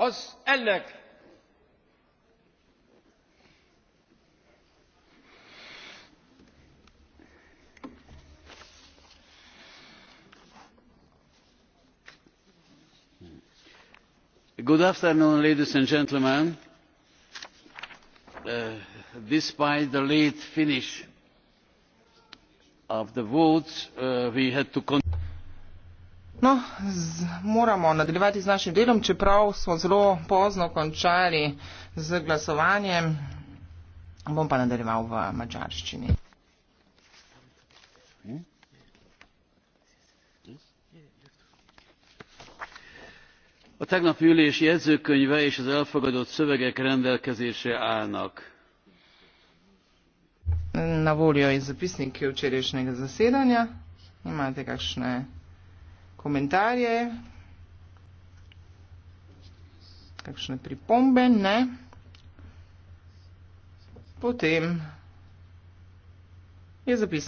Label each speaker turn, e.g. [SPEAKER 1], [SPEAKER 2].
[SPEAKER 1] az ennek
[SPEAKER 2] Good afternoon, ladies and gentlemen. Uh, despite the late finish of the votes, uh, we had to continue.
[SPEAKER 3] No, z, moramo nadaljevati z našim delom, čeprav smo zelo pozno končali z glasovanjem. Bom pa nadaljeval v mačarščini.
[SPEAKER 2] A tegnap ülés jegyzőkönyve és az elfogadott szövegek rendelkezésre állnak.
[SPEAKER 3] Na volja, ez a pisznik kőcsérésnek az a szédanya. Imádték, hogy komentarje, kakšne pripombe, ne.
[SPEAKER 1] Potem je zapis